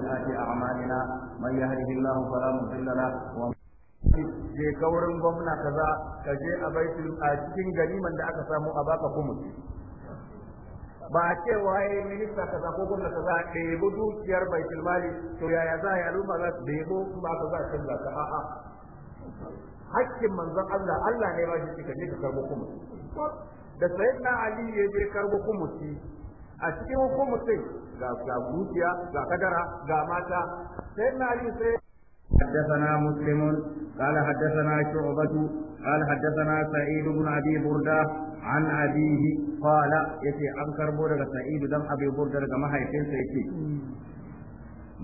سيئات أعمالنا من يهده الله فلا مضل له ومن je kaurin gwamna kaza ka je a baitul a cikin gariman da aka samu a baka kumusi ba cewa ya yi minista kaza ko gwamna kaza ɗebo dukiyar baitul mali to yaya za a yi al'umma za su ɗebo ba ka za a canza ta a'a hakkin manzon Allah Allah ne ba shi cika ne ka karbo kumusi da sayyidina ali ya je karbo kumusi a cikin kumusin ga dukiya ga kadara ga mata sai na ali sai حدثنا مسلم قال حدثنا شعبة قال حدثنا سعيد بن أبي بردة عن أبيه قال يتي أنكر بردة سعيد دم أبي بردة كما هيتين سيتي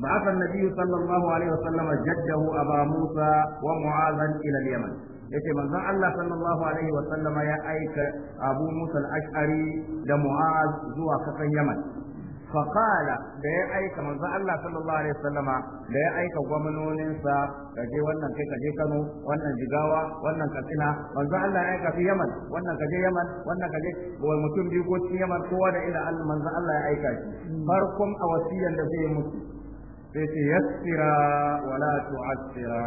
بعث النبي صلى الله عليه وسلم جده أبا موسى ومعاذا إلى اليمن yace manzon Allah sallallahu alaihi wa sallama ya aika Abu Musa al-Ash'ari da Mu'az zuwa kasan Yaman فقال da ya aika manzo Allah sallallahu alaihi wasallama da ya aika gwamnoninsa je wannan kai je Kano wannan Jigawa wannan Katsina manzo Allah ya aika fi Yaman wannan ka je Yaman wannan ka kaje wai mutum biyu ko cikin Yaman kowa da ila Allah manzo Allah ya aika shi farkon a wasiyar da zai mutu sai ce yassira wala tu'assira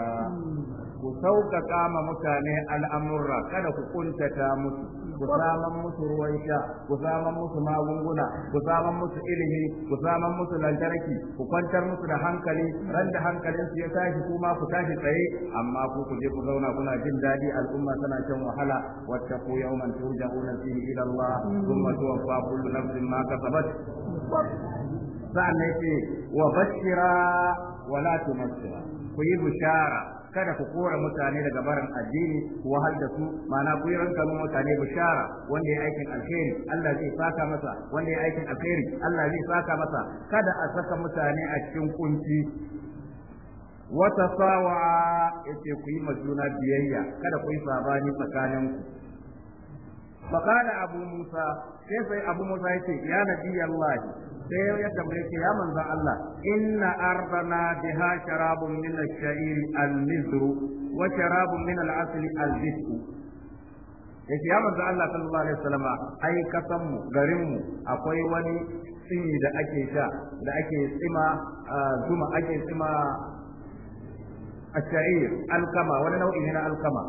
ku sauka kama mutane al'amurra kada ku kuntata musu ku saman musu ruwan sha ku saman musu magunguna ku saman musu ilimi ku saman musu lantarki ku kwantar musu da hankali ran da hankalin su ya tashi kuma ku tashi tsaye amma ku ku je ku zauna kuna jin daɗi al'umma tana shan wahala ku yawman turja'una fihi ila Allah thumma tuwaffa kullu nafsin ma kasabat sa'an nan yace wa bashira wa la tumassira ku yi bishara kada ku kora mutane daga barin addini ku wahal da su ma'ana ku yi ranka mutane bishara wanda ya aikin alheri Allah zai saka masa wanda ya aikin alheri Allah zai saka masa kada a saka mutane a cikin kunci wata sawa yace ku yi majuna biyayya kada ku yi sabani tsakaninku فقال أبو موسى كيف أبو موسى يا نبي الله sai ya tambaye ce ya manzo Allah inna ardana biha sharabun min ash-sha'ir al-mizru wa sharabun min al-asli al bisk yace ya manzo Allah sallallahu alaihi wasallam ai kasan mu garin mu akwai wani tsimi da ake sha da ake tsima zuma ake tsima ash-sha'ir al-kama wani nau'i ne al alkama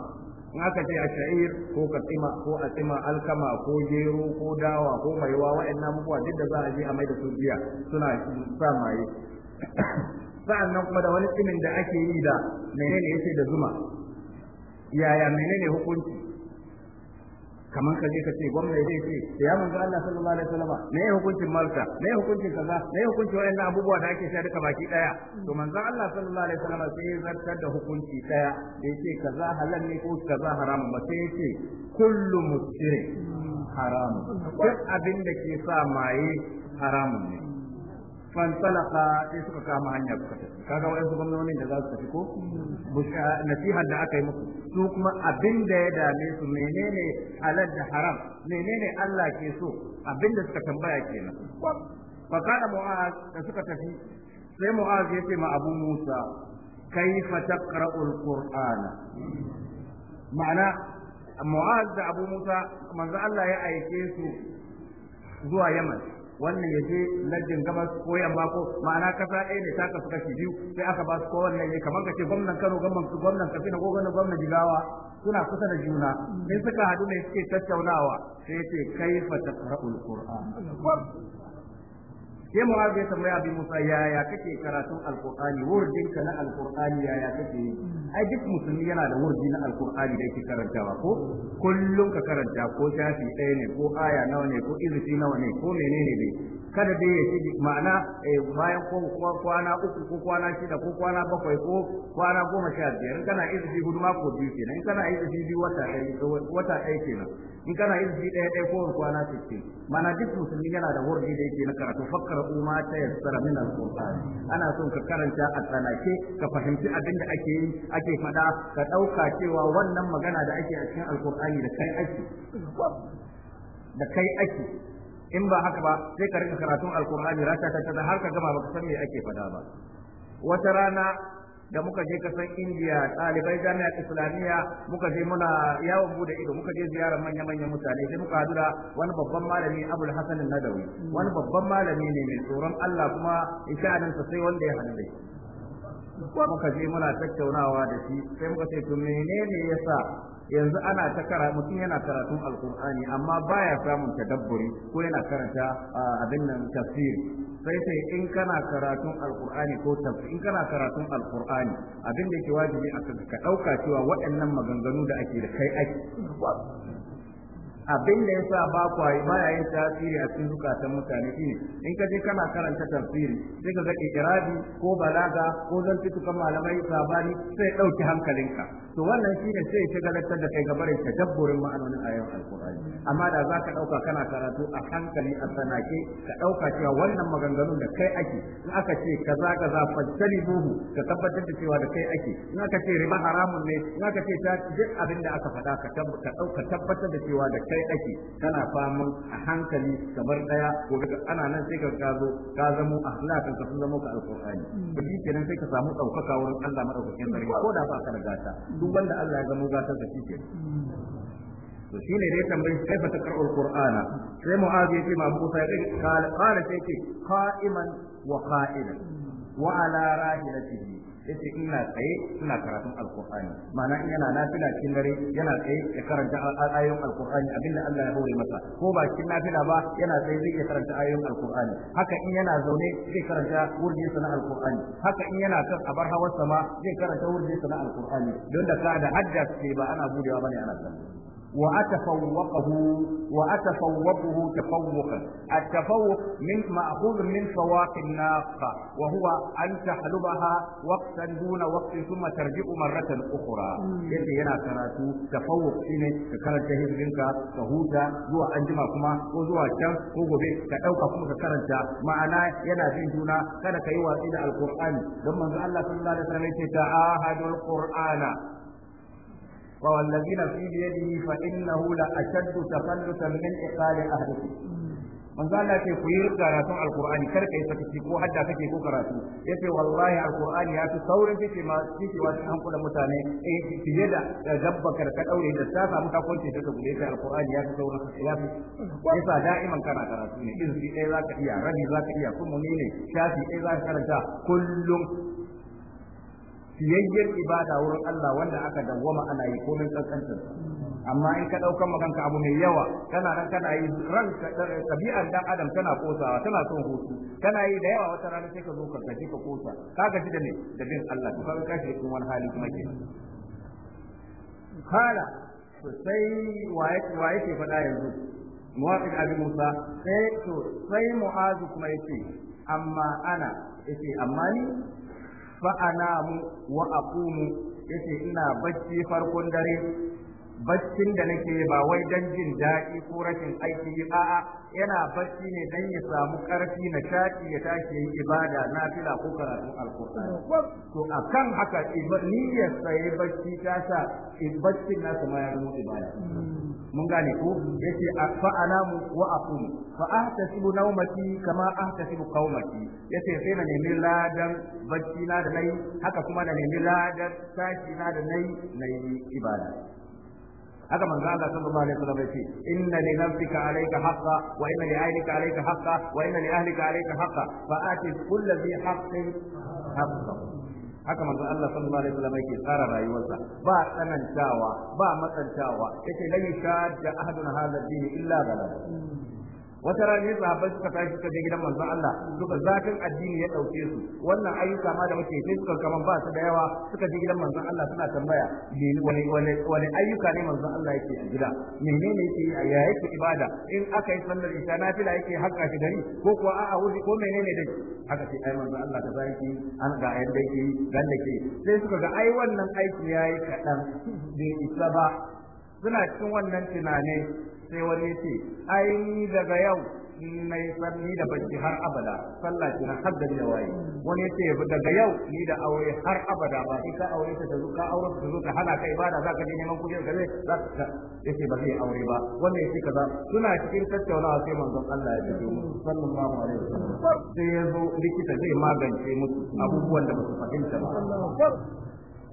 in aka ce a sha'ir ko katsima ko atsima alkama ko gero ko dawa ko maiwa waɗannan abubuwa duk da za a je a mai da su jiya suna sa maye nan kuma da wani tsimin da ake yi da menene yake da zuma yaya menene hukunci kamar ka je ka ce gwamna zai ce ya manzo Allah sallallahu alaihi wasallam me ya hukuncin Malta me ya hukuncin kaza me ya hukuncin wayannan abubuwa da ake sha duka baki daya to manzo Allah sallallahu alaihi wasallam sai ya zartar da hukunci daya da yake kaza halal ne ko kaza haram ba sai ce kullu musyirin haram duk abin da ke sa maye haramun ne fantalaka sai suka kama hanya suka tafi kaga waɗansu gwamnonin da za su tafi ko nasiha da aka yi musu su kuma abin da ya dame su menene halal da haram menene Allah ke so abin da suka tambaya kenan fa kada mu'az da suka tafi sai mu'az ya ce ma Abu Musa kaifa taqra'ul qur'ana ma'ana mu'az da Abu Musa manzo Allah ya aike su zuwa Yaman wannan ya je lardin gabas ko yamma ko ma'ana kasa ɗaya ne ta kasu kashi biyu sai aka ba su wannan ne kamar kace ce gwamnan Kano gwamnan gwamnan Katsina ko gwamnan gwamnan Jigawa suna kusa da juna sai suka haɗu ne suke tattaunawa sai ce kaifa taqra'ul qur'an sai mu'azu ya tambaya abin musa yaya kake karatun alqur'ani wurdin ka na alqur'ani yaya kake yi ai duk musulmi yana da wurdi na alqur'ani da yake karantawa ko kullum ka karanta ko shafi ɗaya ne ko aya nawa ne ko izifi nawa ne ko menene ne kada dai ya ci ma'ana eh, bayan ko kwana uku ko kwana shida ko kwana bakwai ko kwana goma sha biyar kana izifi hudu mako biyu kenan kana izifi biyu wata ɗaya wata ɗaya kenan in kana yin shi ɗaya ɗaya kowane kwana sittin mana duk musulmi yana da hurri da yake na karatu fakkar umma ta yassara min alqur'ani ana son ka karanta a tsanake ka fahimci abin da ake yi ake faɗa ka ɗauka cewa wannan magana da ake a cikin alqur'ani da kai ake da kai ake in ba haka ba sai ka rika karatun alqur'ani rata ta har ka gama ka san me ake fada ba wata rana da muka je kasan indiya ɗalibai jami'a islamiyya muka je muna yawon bude ido muka je ziyarar manya-manyan mutane sai muka hadu wani babban malami abul hasan nadawi wani babban malami ne mai tsoron allah kuma sha'aninsa sai wanda ya hadu muka je muna tattaunawa da shi sai muka ce to menene yasa yanzu ana ta kara mutum yana karatun alkur'ani amma baya samun tadabburi ko yana karanta abin nan tafsir sai sai in kana karatun alkur'ani ko tafsir in kana karatun alkur'ani abin da yake wajibi a ka dauka cewa waɗannan maganganu da ake da kai ake abin da yasa ba kwaye ya yin tasiri a cikin zukatan mutane shine in ka je kana karanta tafsiri sai ka ga iradi ko balaga ko zan kan malamai sabani sai dauki hankalinka to wannan shine sai ya galatar da kai gabarin tadabburin ma'anonin ayoyin alkur'ani amma da za ka dauka kana karatu a hankali a sanake ka dauka cewa wannan maganganun da kai ake in aka ce kaza kaza fajtani buhu ka tabbatar da cewa da kai ake in aka ce riba haramun ne in aka ce ta duk abin da aka faɗa ka dauka tabbatar da cewa da kai ake kana faman a hankali kamar daya gobe ana nan sai ka kazo ka zamo ahlakan ka sun zamo ka alkur'ani to kenan sai ka samu daukaka wurin Allah madaukakin sarki ko da ba ka da gata duk wanda Allah ya gano gatar da shi ke to ne dai tambayi kai ta karɓar qur'ana sai mu'az ya ce ma Abu Sa'id qala qala sai ce qa'iman wa qa'ilan wa ala rahilatihi ce ina tsaye ina karatun al'kur'ani ma'ana in yana nafila cikin dare yana tsaye ya karanta ayoyin al'kur'ani abinda Allah ya hore masa ko ba cikin nafila ba yana tsaye zai karanta ayoyin al'kur'ani haka in yana zaune zai karanta wurjin na al'kur'ani haka in yana kan abar hawar sama zai karanta wurjin na al'kur'ani don da ka da hadda ba ana budewa bane ana zama وأتفوقه وأتفوقه تفوقا التفوق من مأخوذ من فواق الناقة وهو أن تحلبها وقتا دون وقت ثم ترجع مرة أخرى كيف ينا كراتو تفوق إني كرنت هزرينك فهوتا زوا أنجما كما وزوا كم وغبي كأوك كما كرنت معنا ينا في جونا كان كيوا إلى القرآن لما الله صلى الله عليه وسلم تعاهد القرآن فوالذي نفسي بيده فإنه لأشد تفلتا من إقال أهلكم manzo Allah ce ku yi karatun alqur'ani kar kai sakaci ko hadda kake ko karatu yace wallahi alqur'ani ya fi saurin fice ma fice wa cikin hankulan fiye da dabba kar ka daure da ta samu ta kwance daga gure ka ya fi saurin ya fi yasa da'iman kana karatu ne izi dai zaka iya rabi zaka iya kuma ne shafi dai zaka karanta kullum siyayyar ibada wurin Allah wanda aka dawwama ana yi komai kankantar amma in ka daukan maganka abu mai yawa kana nan kana yi ran tabi'ar eh, dan adam tana kosawa tana son hutu kana yi da yawa wata rana sai ka zo ka gaji ka kosa ka gaji da ne da bin Allah to kaga kashi cikin wani hali kuma ke kala to sai waye waye ke faɗa yanzu muwafiq abi musa sai eh, to sai mu'azu kuma yace amma ana yace amma ni fa'anamu wa aqumu yace ina bacci farkon dare baccin da nake ba wai dan jin daɗi ko rashin aiki a'a yana bacci ne dan ya samu ƙarfi na shaƙi ya tashi yin ibada na fila ko karatun alkur'ani to akan haka niyyar sai bacci ta sa eh, baccin nasa ma ya zama ibada mun gane ko yace fa anamu wa aqum fa ahtasibu nawmati kama ahtasibu qaumati yace sai na nemi ladan bacci na da nayi haka kuma na nemi ladan sashi na da nayi nayi ibada haka manzo Allah sallallahu alaihi wasallam yace inna li nafsika alayka haqqa wa inna li ahlika alayka haqqa wa inna li ahlika alayka haqqa fa ati kulli dhi haqqin haqqahu haka manzon Allah sallallahu alaihi wasallam yake tsara rayuwarsa ba tsanantawa ba matsantawa yake lan yushadda ahadun hadha din illa galaba wata rana ne sahabbai suka tashi suka je gidan manzon Allah suka zafin addini ya dauke su wannan ayyuka ma da muke sai suka kaman ba su da yawa suka je gidan manzon Allah suna tambaya wani ayyuka ne manzon Allah yake a gida menene yake a ya ibada in aka yi sallar isha fila yake hakka shi gari ko kuwa a wuri ko menene dai aka ce ai manzon Allah ka zaki an ga da yake dan da ke sai suka ga ai wannan aiki yayi kadan bai isa ba suna cikin wannan tunanin sai wani ya ce ai daga yau na yi sanni da bacci har abada sallah ki na haddar ya waye wani ya ce daga yau ni da aure har abada ba sai ka aure ta zo ka aure ta zo hana ka ibada za ka je neman kuɗi ka zai za ka yace ba zai aure ba wanda ya ce kaza suna cikin tattaunawa sai manzon Allah ya mu sallallahu alaihi wasallam sai ya zo likita zai magance musu abubuwan da ba su fahimta ba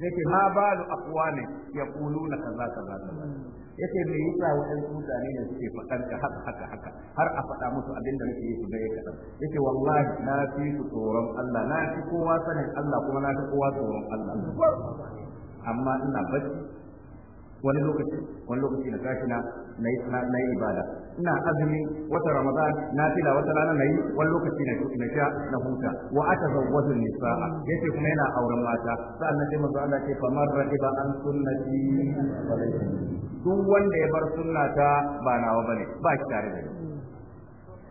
yake ma balu aqwani yaquluna kaza kaza kaza yace me yasa waɗansu mutane ne suke faɗan ka haka haka haka har a faɗa musu abin da nake yi su gaya kaɗan yake wallahi na fi su tsoron Allah na fi kowa sanin Allah kuma na fi kowa tsoron Allah amma ina bacci wani lokaci wani lokaci na tashi na na yi ibada ina azumi wata ramadan na tila wata rana na yi wani lokaci na na sha na huta wa ata zawwazun nisaa yake kuma yana auren mata sa'an nan sai manzo Allah ce famar raqiba an sunnati duk wanda ya bar sunna ta ba nawa bane ba shi tare da ni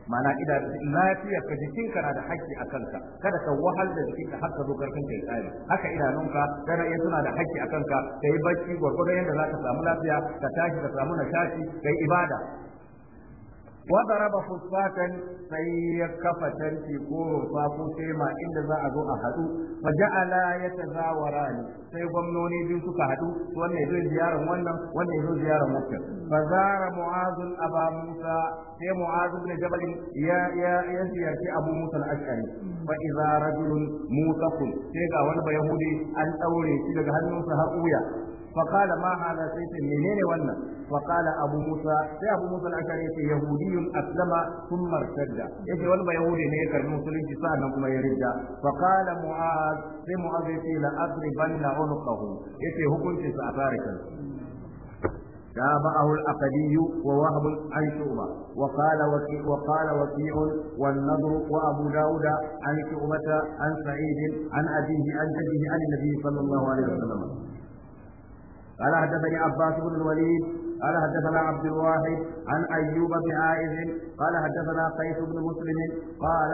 mana ida lafiyar ka jikin ka na da haƙƙi a kanka kada ka wahal da jikin ka har ka zo karfin kai tsari haka idanunka kana iya suna da haƙƙi a kanka kai bacci gwargwadon yadda zaka samu lafiya ka tashi ka samu na ka kai ibada وضرب فصاة سي كفة في كور فاكو سيما إن ذا أذو أحدو فجعل يتزاوران سي بمنوني بن سكا هدو وانا يزو زيارة وانا وانا يزو زيارة مكة فزار معاذ أبا موسى سي معاذ بن جبل يا يا يا زيارة أبو موسى الأشعري فإذا رجل موسى سي قا وانا بيهودي أن أولي سي لغا هنو سهقويا فقال ما هذا سيف منين ولا فقال ابو موسى يا ابو موسى الاشعري يهودي اسلم ثم ارتد يجي ولا يهودي ne karbi musulunci sa'annan kuma ya rida faqala mu'az sai mu'az yace la adribanna unqahu yace hukuncin sa a tarikan تابعه الأقدي ووهب عن شعبة وقال وكيع وقال وكيع والنضر وأبو داود عن شعبة عن سعيد عن أبيه عن جده عن النبي صلى الله عليه وسلم قال حدثني عباس بن الوليد قال حدثنا عبد الواحد عن ايوب بن عائذ قال حدثنا قيس بن مسلم قال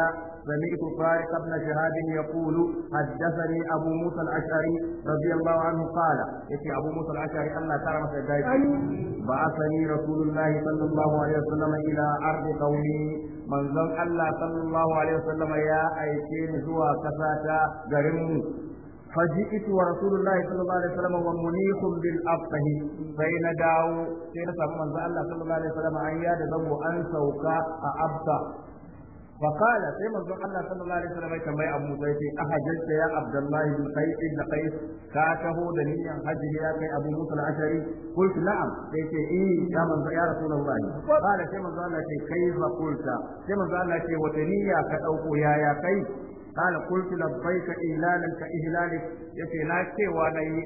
سمعت طارق بن شهاب يقول حدثني ابو موسى الاشعري رضي الله عنه قال يتي ابو موسى الاشعري ان ترى بعثني رسول الله صلى الله عليه وسلم الى ارض قومي منزل الله صلى الله عليه وسلم يا ايتين زوا كساتا غرمو فجئت ورسول الله صلى الله عليه وسلم ومنيخ بالأفقه بين داو سينا سامو من الله صلى الله عليه وسلم أن ياد ذنب أن سوكا أبتا فقال سيما الله صلى الله عليه وسلم كما أبو سيدي أحجلت يا عبد الله بن قيس بن قيس كاته دنيا حجه يا كي أبو موسى الأشعري قلت نعم سيدي إيه يا من يا رسول الله قال سيما الله كيف قلت سيما الله وتنيا كأوكو يا يا كيف قال قلت لبيك إهلالا كإهلالك يفي لا سوى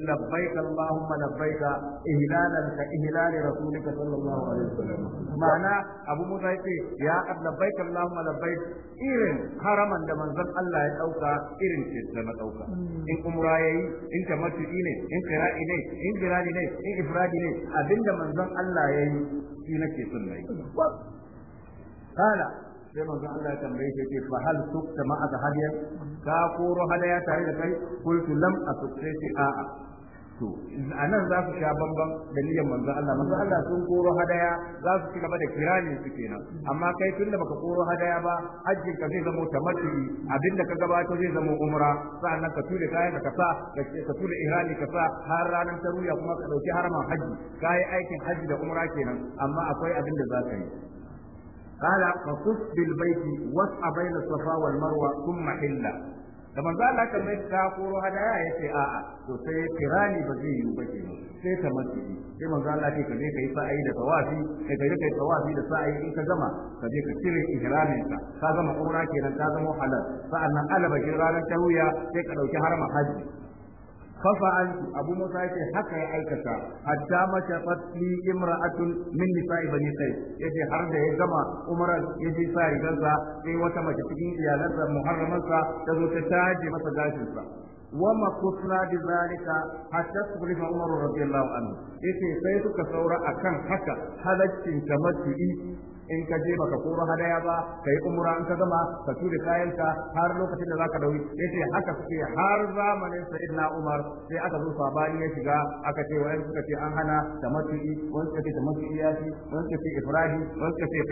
لبيك اللهم لبيك إهلالا كإهلال رسولك صلى الله عليه وسلم معنى أبو موسى يا أب لبيك اللهم لبيك إيرن حرما دمان ذن الله يتوقع إيرن كيسلم توكا إن أمرائي إن تمتعي إن in إن ne إن إفرادين أبن دمان ifradi الله يتوقع إيرن شيء yayi shi قال sai manzo Allah ya tambaye shi fa hal sukta ma aka hadiya ka koro hadaya tare da kai qultu lam asukta shi a a to anan za su sha bamban da niyyar manzo Allah manzo Allah sun koro hadaya za su ci gaba da kirani su kenan amma kai tunda baka koro hadaya ba hajjin ka zai zama tamattu abinda ka gabato zai zama umra sa'annan ka tura kayan ka sa ka tura ihrami ka sa har ranar taruya kuma ka dauki haraman hajji. kai aikin hajji da umra kenan amma akwai abinda za ka yi قال فقص بالبيت واسع بين الصفا والمروه ثم حل da manzo Allah kan mai ta koro hadaya yace a'a to sai kirani ba zai yi ba kenan sai ta masjidi sai manzo Allah ce ka je kai sa'i da tawafi kai ka kai tawafi da sa'i in ka gama ka je ka cire ihramin ka ka gama umra kenan ka zama halal sa'annan alaba ranar ta wuya sai ka dauki harama haji kafa antu abu musa yace haka ya aikata hatta mata fatli imra'atun min nisa'i bani sai yace har da ya gama umran yaje sa rigarsa sai wata mace cikin iyalansa muharramansa ta zo ta taje masa gashinsa وما كفنا بذلك حتى تخلف عمر رضي الله عنه إيه سيتك ثورة أكن حكا هذا التنكمت in ka je baka koro hadaya ba kai umra in ka gama ka tura kayanka har lokacin da zaka dauri yace haka suke har zamanin sayyidina Umar sai aka zo sabani ya shiga aka ce wai suka ce an hana da wani suka ce tamattu'i ya ci wani suka ce Ibrahim wani suka ce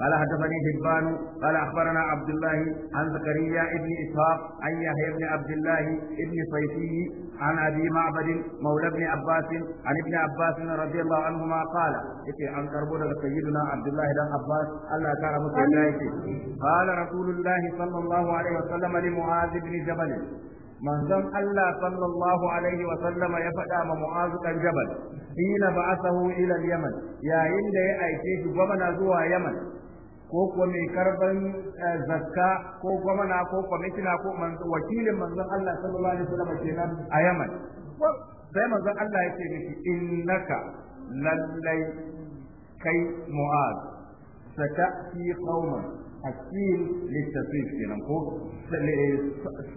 قال حدثني حبان قال اخبرنا عبد الله عن زكريا بن اسحاق عن يحيى بن عبد الله بن صيفي عن ابي معبد مولى بن عباس عن ابن عباس رضي الله عنهما قال اتي عن كربون سيدنا عبد الله بن عباس الله كرم قال رسول الله صلى الله عليه وسلم لمعاذ بن جبل manzon Allah sallallahu alaihi wa sallama ya faɗa ma Mu'az kan Jabal hina ba'athahu ila al-Yaman yayin da ya aike shi gwamna zuwa Yaman ko kuwa mai karban eh, zakka ko gwamna ko kwamishina ko wakilin manzon Allah sallallahu alaihi wasallam kenan a Yaman sai manzon Allah yake miki innaka lallai kai mu'az fi qauman hakim litasrif kenan ko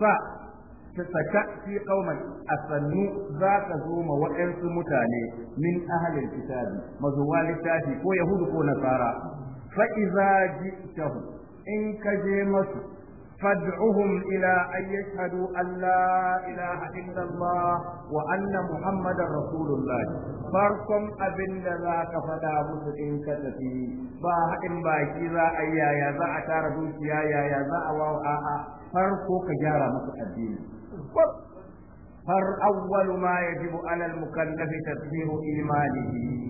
sa fi qauman asannu ka zo ma wa'ansu mutane min ahlil kitabi mazuwa littafi ko yahudu ko nasara fa idza ji'tahu in ka je masu فادعهم إلى أن يشهدوا أن لا إله إلا الله وأن محمد رسول الله فاركم أبن ذاك فدا مسلم كتفي با إن باكي ذا أيا يا ذا أتار يا يا يا ذا أواو آآ فاركو كجارة مسلم فر أول ما يجب على المكلف تطهير إيمانه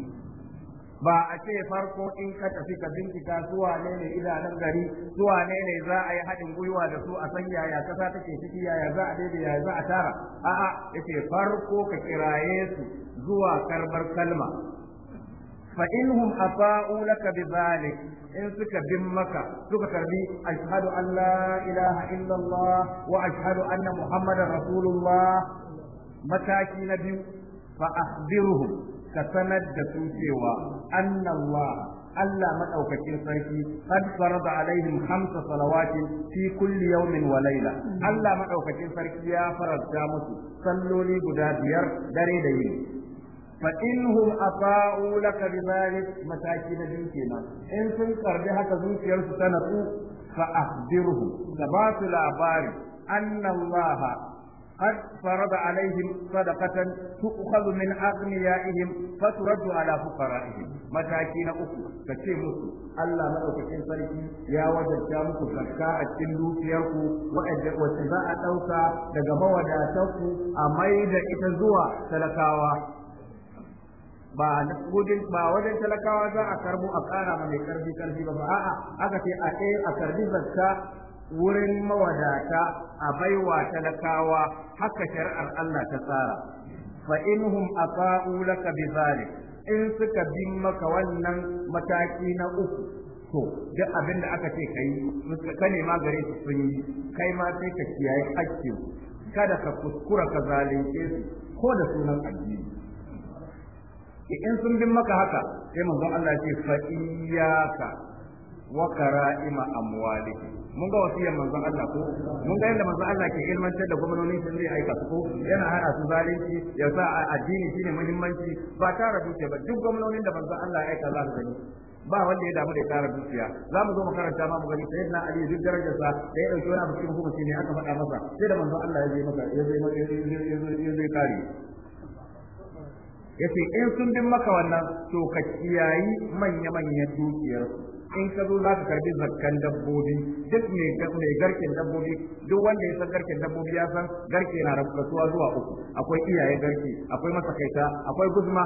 ba a ce farko in ka tafi ka bincika su ne ne idanun gari su ne ne za a yi haɗin gwiwa da su a san yaya kasa take ciki yaya za a daidai yaya za a tara a'a yace farko ka kiraye su zuwa karbar kalma fa inhum afa'u laka bidhalik in suka bin maka suka karbi ashhadu an la ilaha illallah wa ashhadu anna muhammadar rasulullah mataki na biyu fa akhbiruhum ka sanar da su cewa annallah Allah maɗaukakin sarki qad farada alaihim khamsa salawatin fi kulli yawmin wa layla Allah maɗaukakin sarki ya faranta musu salloli guda biyar dare da yini fa inhum afa'u laka bidhalik mataki na biyu in sun karbi haka zuciyarsu ta natsu fa akhbirhu ka ba su labari anna قد فرض عليهم صدقة تؤخذ من أغنيائهم فترد على فقرائهم مساكين أخو كتير مسلم الله ما أوكتين صريحي يا وجد شامك زكاة تندو فيكو وإجزاء أوكا لقبوا داتوكو أميد إتزوى سلكاوا ba na gudun ba wajen talakawa za a karbo a kara ma mai karfi karfi ba a'a aka ce a a karbi zakka wurin mawadata a baiwa talakawa haka shari'ar Allah ta tsara fa inhum aqa'u laka bizalik in suka bin maka wannan mataki na uku to duk abin da aka ce kai ka nema gare su sun yi kai ma sai ka kiyaye hakkin kada ka kuskura ka zalunce su ko da sunan addini in sun bin maka haka sai manzon Allah ya ce fa iyyaka wa kara'ima amwalihim mun ga wasiyar manzon Allah ko mun ga yadda manzon Allah ke ilmantar da gwamnoni sun zai aika su ko yana hana su zalunci ya sa addini ne muhimmanci ba tara dukiya ba duk gwamnonin da manzon Allah ya aika za su gani ba wanda ya damu da tara dukiya za mu zo mu karanta ma mu gani sai na ali duk darajar sa da ya dauki wani abu cikin hukunci ne aka faɗa masa sai da manzon Allah ya zai masa ya zai ya zai kare yace in sun bin maka wannan to ka kiyayi manya-manyan dukiyarsu in ka zo za ka karbi zakkan dabbobi duk mai garken dabbobi duk wanda ya san garken dabbobi ya san garke na rabuwa zuwa uku akwai iyaye garke akwai masakaita akwai guzma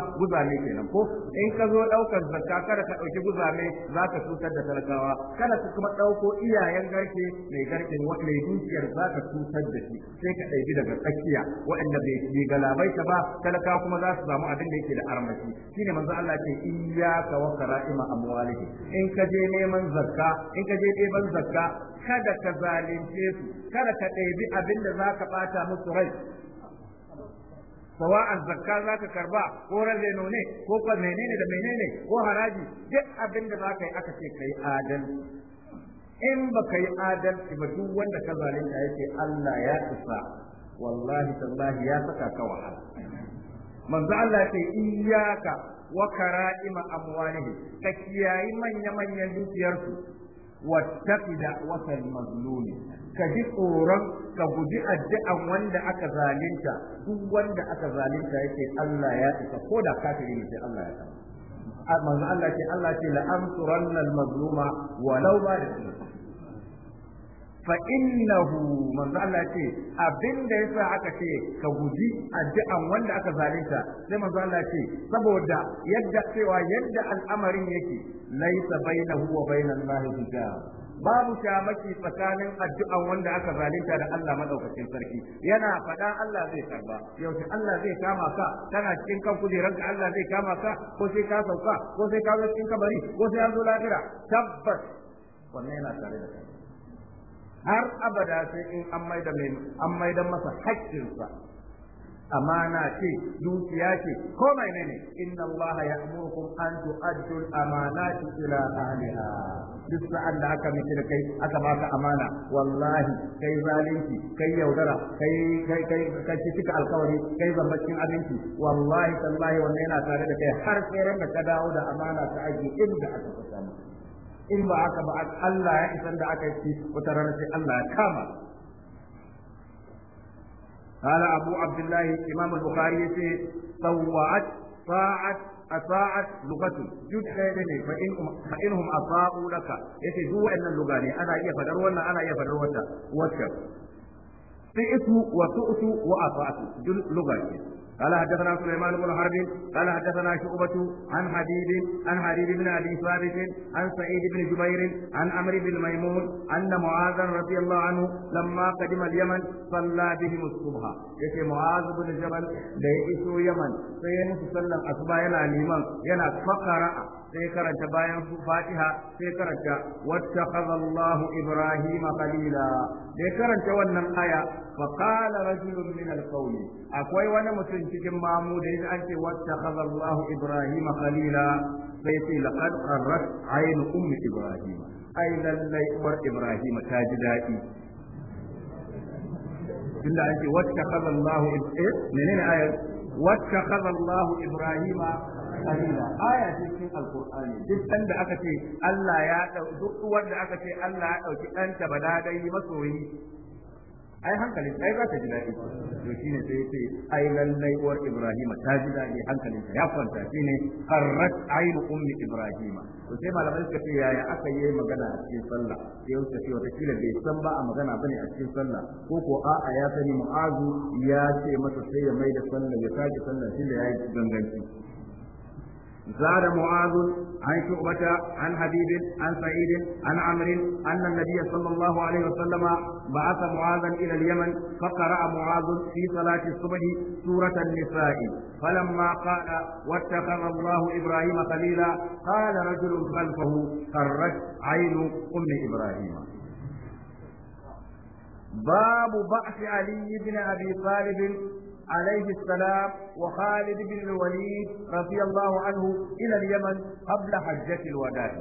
ne kenan ko in ka zo daukar zakka kada ka dauki ne za ka cutar da talakawa kada ka kuma dauko iyayen garke mai garken mai dukiyar za ka cutar da shi sai ka ɗaibi daga tsakiya waɗanda bai galabai ta ba talakawa kuma za su samu abin da yake da armashi shine manzo Allah ce iyyaka wa kara'ima amwalihi in ka je neman zakka in ka je ɗeban zakka kada ka zalunce su kada ka ɗebi abin da za ka ɓata musu rai sawa'an zakka za ka karba ko razeno ne ko ka menene da menene ko haraji duk abin da za ka yi aka ce ka yi adalci in ba ka yi adalci ba duk wanda ka zalunta yake Allah ya isa wallahi tallahi ya saka ka wahala manzo Allah ya ce iyyaka wa kara'ima amwalihi ka kiyayi manya manyan dukiyarsu wattaqi da wasal mazlumi ka ji tsoron ka guji addu'an wanda aka zalunta duk wanda aka zalunta yake Allah ya isa ko da kafiri ne sai Allah ya isa manzo Allah ce Allah ce la amsuranna al mazluma walau ba da fa innahu manzo Allah ce abinda yasa aka ce ka guji addu'an wanda aka zalunta sai manzo Allah ce saboda yadda cewa yadda al'amarin yake laisa bainahu wa bainal lahi hijab babu shamaki tsakanin addu'an wanda aka zalunta da Allah madaukakin sarki yana faɗa Allah zai karba yaushe Allah zai kama ka kana cikin kan kujeranka Allah zai kama ka ko sai ka sauka ko sai ka zo cikin kabari ko sai an zo lafira tabbas wannan yana tare da kai har abada sai in an maida mai an maida masa haƙƙinsa amana ce dukiya ce ko mai ne ne inna allaha ya'murukum an tu'addu al-amanati ila ahliha duk sa'an da aka miki da kai aka baka amana wallahi kai zalunci kai yaudara kai kai kai kai cika alkawari kai zambacin abinci wallahi tallahi wannan yana tare da kai har sai ran da ka dawo da amana ta aji inda aka samu in ba haka ba Allah ya isan da aka yi wata rana sai Allah ya kama قال أبو عبد الله إمام البخاري طوعت طاعت أطاعت لغته جد خيرني فإنهم, فإنهم أطاعوا لك يتي دو أن اللغاني أنا يفدر ولا أنا يفدر وتا وتا سئت وتؤت وأطعت جد لغتي قال حدثنا سليمان بن حرب قال حدثنا شعبة عن حبيب عن حبيب بن أبي ثابت عن سعيد بن جبير عن عمرو بن ميمون أن معاذا رضي الله عنه لما قدم اليمن صلى بهم الصبح يتي معاذ بن جبل ده يسو يمن سيمس صلى الأصبح ينا الإمام ينا فقرأ sai karanta bayan fatiha sai karanta wattakhadha kazallahu Ibrahim khalila sai karanta wannan aya fa qala rajulun min al-qawmi akwai wani mutum cikin mamu da yaji an ce wattakhadha Allah Ibrahim khalila sai ce laqad qarrat ayn ummi Ibrahim ai lallai uwar Ibrahim ta ji daɗi tunda an ce wattakhadha Allah eh, menene ayar wattakhadha kazallahu Ibrahim karima aya ce cikin alqur'ani duk dan da aka ce Allah ya dauki duk wanda aka ce Allah ya dauki dan ta bada dai masoyi ai hankali ai ba ta ji daɗi to shine sai yace ai lallai uwar Ibrahim ta ji daɗi hankalin ta ya kwanta shine qarrat ainu ummi Ibrahim to sai malamai suka ce yaya aka yi magana a cikin sallah sai suka ce wata kila bai san ba a magana bane a cikin sallah ko ko a a ya sani mu'azu ya ce masa sai ya mai da sallah ya sake sallah shi da yayi ganganci زاد معاذ عن شعبة عن حبيب عن سعيد عن عمرو أن النبي صلى الله عليه وسلم بعث معاذا إلى اليمن فقرأ معاذ في صلاة الصبح سورة النساء فلما قال واتخذ الله إبراهيم خليلا قال رجل خلفه خرجت عين أم إبراهيم باب بعث علي بن أبي طالب عليه السلام وخالد بن الوليد رضي الله عنه إلى اليمن قبل حجة الوداع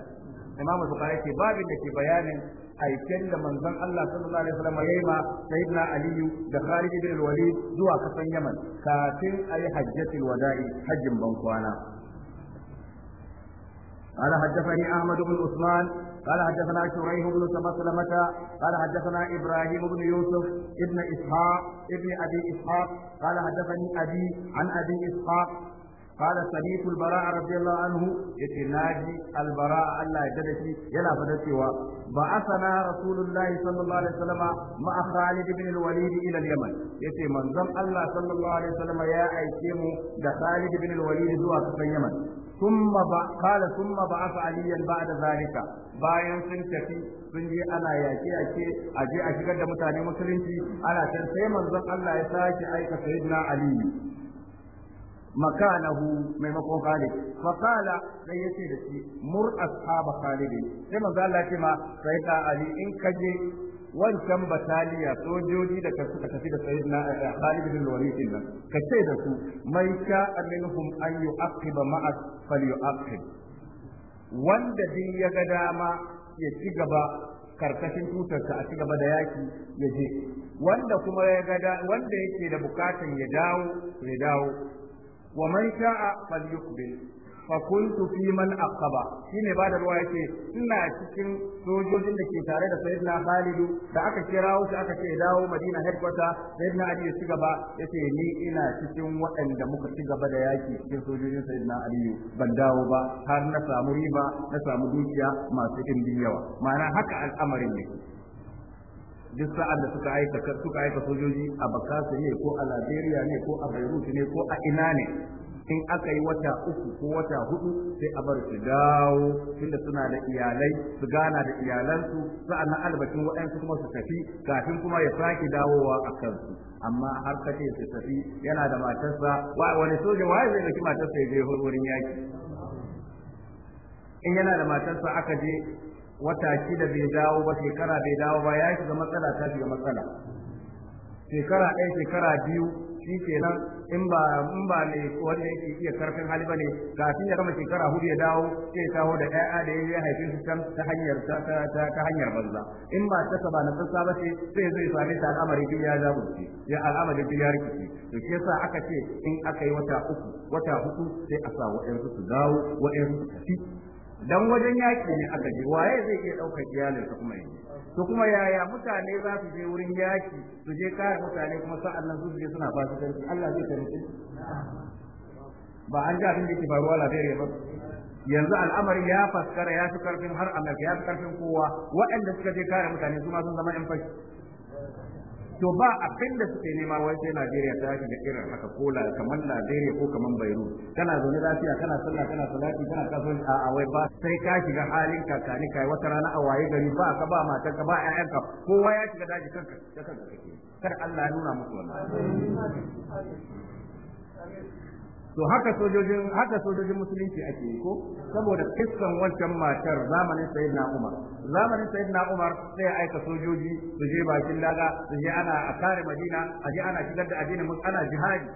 إمام البخاري في باب لك بيان aiken da manzon Allah sallallahu alaihi wasallam yayi ma sayyidina Ali da Khalid ibn zuwa kasan Yaman kafin ayi hajjatul wada'i hajjin bankwana قال حدثني Ahmadu bin Usman. قال حدثنا شريح بن مسلمة قال حدثنا إبراهيم بن يوسف ابن إسحاق ابن أبي إسحاق قال حدثني أبي عن أبي إسحاق قال سميت البراء رضي الله عنه يتناجي البراء الله يجدشي يلا فدسيوا بعثنا رسول الله صلى الله عليه وسلم مع خالد بن الوليد إلى اليمن يتي منظم الله صلى الله عليه وسلم يا أيتيم ده خالد بن الوليد زوا في اليمن ثم قال ثم بعث عليا بعد ذلك bayan sun tafi sun je ana yaƙe yaƙe a je a shigar da mutane musulunci ana can sai manzon Allah ya sake aika sayyidina Ali makanahu maimakon Khalid fa qala sai yace da shi mur ashab Khalid sai manzo Allah ce ma sai da Ali in kaje wancan bataliya sojoji da suka tafi da sayyidina eh, Khalid bin Walid din ka ce da su mai sha minhum an yu'aqiba ma'ak falyu'aqib wanda din ya ga dama ya ci karkashin tutarsa a cigaba da yaki ya je wanda kuma ya ga wanda yake da bukatan ya dawo ya dawo wa a sha'a falyukbil fa kuntu fi man aqaba shine ba da ruwa yake ina cikin sojojin da ke tare da sayyidina Khalidu da aka kirawo shi aka ce dawo Madina headquarter sayyidina Ali ya ci gaba yace ni ina cikin waɗanda muka ci gaba da yaki cikin sojojin sayyidina Ali ban dawo ba har na samu riba na samu dukiya masu ɗimbin yawa ma'ana haka al'amarin ne duk sa'ar da suka aika suka aika sojoji a Bakasa ne ko a Liberia ne ko a Beirut ne ko a ina ne in aka yi wata uku ko wata hudu sai a bar su dawo tunda suna da iyalai su gana da iyalansu sa'an na albacin waɗansu kuma su tafi kafin kuma ya sake dawowa a kansu amma har kace su tafi yana da matarsa wani soja wai zai ɗauki matarsa ya je wurin yaki in yana da matarsa aka je wata shida bai dawo ba shekara bai dawo ba ya shiga matsala ta shiga matsala shekara ɗaya shekara biyu shi kenan in ba in ba ne wanda yake iya karfin hali ba ga kafin ya gama shekara hudu ya dawo sai taho da ƴaƴa da ya haife su can ta hanyar ta hanyar banza in ba ta ba na tsatsa ba ce sai zai same ta al'amari duk ya zabuce ya al'amari duk ya rikice to shi yasa aka ce in aka yi wata uku wata hudu sai a sa wa'ansu su dawo wa'ansu su tafi dan wajen yaki ne aka je waye zai iya daukar iyalinsa kuma yake to kuma yaya mutane za su je wurin yaki su je kare mutane kuma sa'an nan su je suna fasu kansu Allah zai taimake ba an ji abin da yake faruwa Liberia ba yanzu al'amari ya faskara ya fi karfin har Amerika ya fi karfin kowa waɗanda suka je kare mutane su ma sun zama yan fashi to ba abin da suke nema wai sai Najeriya ta shiga irin haka ko kamar Najeriya ko kamar Bairu. kana zaune lafiya kana sallah kana salati kana kasuwanci a a wai ba sai ka shiga halin kakani kai wata rana a waye gari ba ka ba mata ka ba ƴaƴanka kowa ya shiga daji kanka da kanka kake kar Allah ya nuna musu wannan to haka sojojin haka sojojin musulunci ake yi ko saboda kissan wancan matar zamanin sayyidina Umar zamanin sayyidina Umar sai aika sojoji su je bakin daga su je ana a kare Madina a je ana shigar da addinin ana jihadi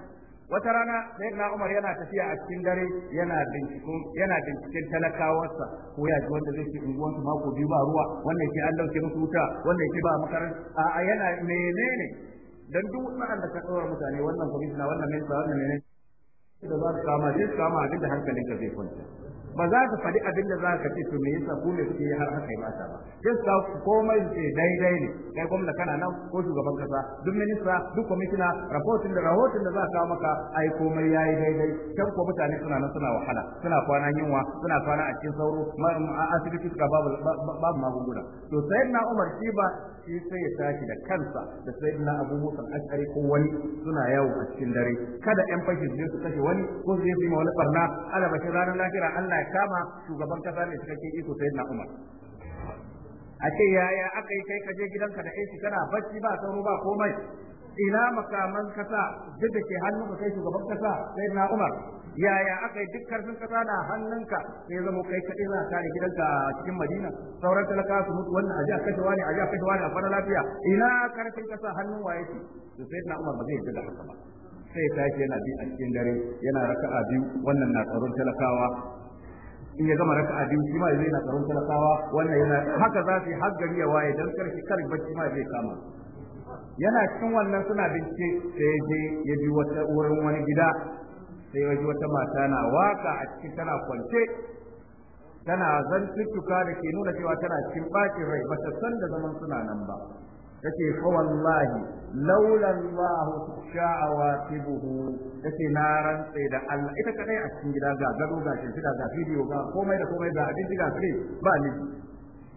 wata rana sayyidina Umar yana tafiya a cikin dare yana binciko yana binciken talakawarsa ko ya ji wanda zai ci unguwan su mako biyu ba ruwa wannan yake an dauke musu wuta wannan yake ba makaranta a yana menene dan duk da ka tsawar mutane wannan kwamishina wannan minista wannan menene da za su kama zai kama abin da hankalinka zai kwanta ba za ka faɗi abin da za ka ce to me yasa ku ne suke yi har haka ba ta ba sai ka komai ce daidai ne kai gwamna kana nan ko shugaban kasa duk minista duk kwamishina rahoton da rahoton da za ka maka ai komai yayi daidai kan ko mutane suna nan suna wahala suna kwana yunwa suna kwana a cikin sauro asibiti suka babu babu magunguna to na Umar shi ba shi sai ya tashi da kansa da na Abu Musa al-Ashari ko wani suna yawo a cikin dare kada yan fashi su kashe wani ko su yi ma wani barna ala bashi ranar lafiya Allah kama shugaban kasa ne ke iko na Umar a ce yaya aka yi kai kaje gidanka da aiki kana bacci ba sauro ba komai ina makaman kasa duk da ke ka kai shugaban kasa sai na Umar yaya aka yi duk karfin kasa na hannunka sai zama kai kaɗai za ka kare gidanka cikin Madina sauran talaka su mutu wannan aji a kashewa wani aji a kashewa wani a fara lafiya ina karfin kasa hannun waye ce to na Umar ba zai yarda da haka ba sai ya tashi yana bi a cikin dare yana raka'a biyu wannan na tsaron talakawa in ya gama raka'a biyu shi ma zai na tsaron talakawa wannan yana haka za su yi har gari ya waye don karshe kar bacci ma zai kama yana cikin wannan suna bincike sai je ya bi wata wurin wani gida sai ya ji wata mata na waka a cikin tana kwance tana zan tuttuka da ke nuna cewa tana cikin bacin rai ba ta san da zaman suna nan ba yake fa wallahi laula Allah sha'a waqibuhu yake na rantse da Allah ita kadai a cikin gida ga gado ga cikin gida ga video ga komai da komai ga abin ga free ba ni